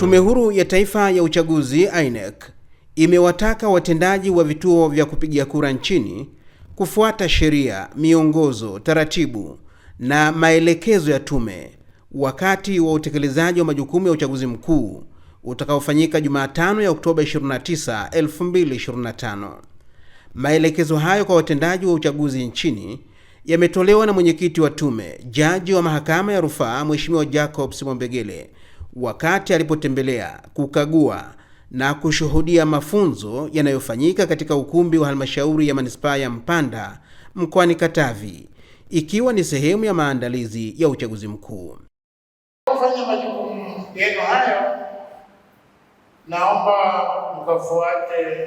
Tume Huru ya Taifa ya Uchaguzi INEC imewataka watendaji wa vituo vya kupigia kura nchini kufuata sheria, miongozo, taratibu na maelekezo ya tume wakati wa utekelezaji wa majukumu ya uchaguzi mkuu utakaofanyika Jumatano ya Oktoba 29, 2025. Maelekezo hayo kwa watendaji wa uchaguzi nchini yametolewa na mwenyekiti wa tume, jaji wa mahakama ya rufaa Mheshimiwa Jacobs Mwambegele wakati alipotembelea kukagua na kushuhudia mafunzo yanayofanyika katika ukumbi wa halmashauri ya manispaa ya Mpanda mkoani Katavi, ikiwa ni sehemu ya maandalizi ya uchaguzi mkuu. Kufanya majukumu yenu hayo, naomba mkafuate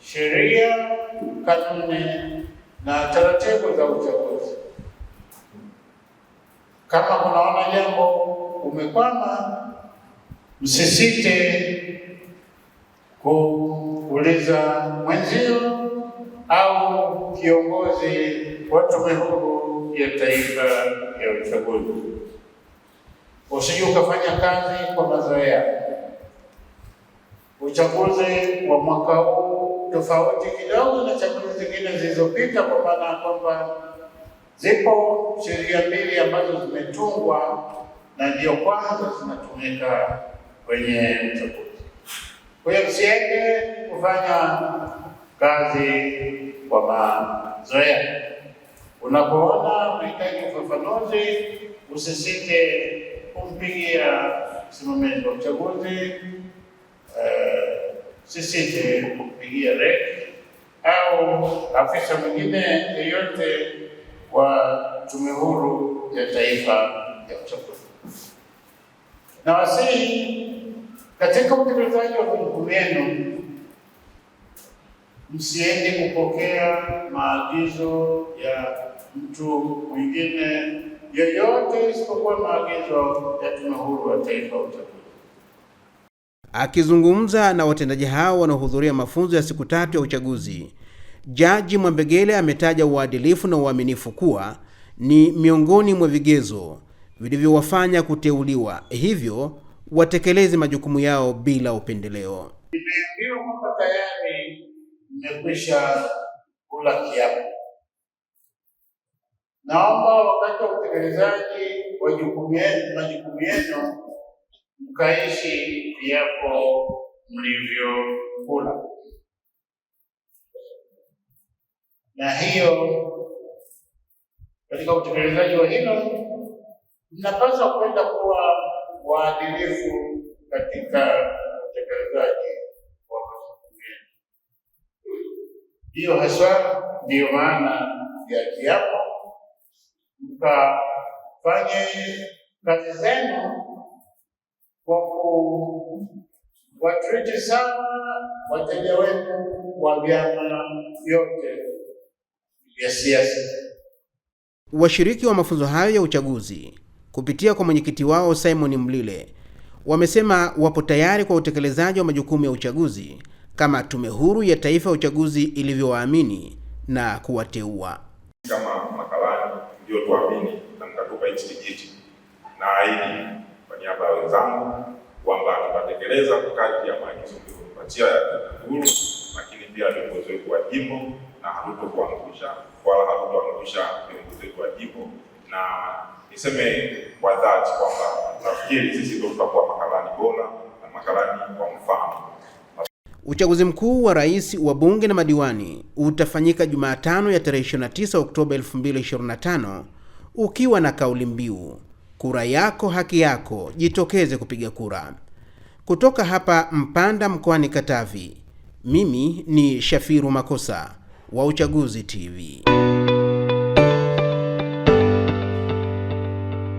sheria, kanuni na taratibu za uchaguzi. Kama kunaona jambo umekwama, msisite kuuliza mwenzio au kiongozi wa Tume Huru ya Taifa ya Uchaguzi. Usije ukafanya kazi kwa mazoea. Uchaguzi wa mwaka huu tofauti kidogo na chaguzi zingine zilizopita, kwa maana ya kwamba zipo sheria mbili ambazo zimetungwa na ndio kwanza zinatumika kwenye uchaguzi. Kwa hiyo tusiende kufanya kazi kwa mazoea. Unapoona unahitaji ufafanuzi, usisite kumpigia msimamizi wa uchaguzi, usisite eh, kumpigia REC au afisa mwingine yeyote wa Tume Huru ya Taifa ya Uchaguzi na wasihi katika utekelezaji wa jukumu lenu, msiende kupokea maagizo ya mtu mwingine yoyote isipokuwa maagizo ya Tume Huru ya Taifa ya Uchaguzi. Akizungumza na watendaji hao wanaohudhuria mafunzo ya siku tatu ya uchaguzi, Jaji Mwambegele ametaja uadilifu na uaminifu kuwa ni miongoni mwa vigezo vilivyowafanya kuteuliwa, hivyo watekeleze majukumu yao bila upendeleo. Nimeambiwa kwamba tayari mmekwisha kula kiapo. Naomba wakati wa utekelezaji wa majukumu yenu mkaishi viapo mlivyokula, na hiyo katika utekelezaji wa hilo tunapaswa kwenda kuwa waadilifu katika utekelezaji wa majukumu Hiyo haswa ndiyo maana ya kiapo, mkafanye kazi zenu kwa kuwatriti sana wateja wetu wa vyama vyote vya siasa. Washiriki wa mafunzo hayo ya uchaguzi kupitia kwa mwenyekiti wao Simon Mlile wamesema wapo tayari kwa utekelezaji wa majukumu ya uchaguzi kama Tume Huru ya Taifa ya Uchaguzi ilivyowaamini na kuwateua. Kama makalani mliotuamini na mkatupa hichi kijiti, naahidi kwa niaba ya wenzangu kwamba tutatekeleza kati ya maagizo mliotupatia ya Tume Huru, lakini pia viongozi wetu wa jimbo, na hatutokuangusha wala hatutoangusha na niseme kwa dhati kwamba nafikiri sisi ndio tutakuwa makalani bora na makalani wa mfano. Uchaguzi mkuu wa rais, bunge na madiwani utafanyika Jumatano ya tarehe 29 Oktoba 2025 ukiwa na kauli mbiu kura yako haki yako, jitokeze kupiga kura. Kutoka hapa Mpanda mkoani Katavi, mimi ni Shafiru Makosa wa Uchaguzi TV.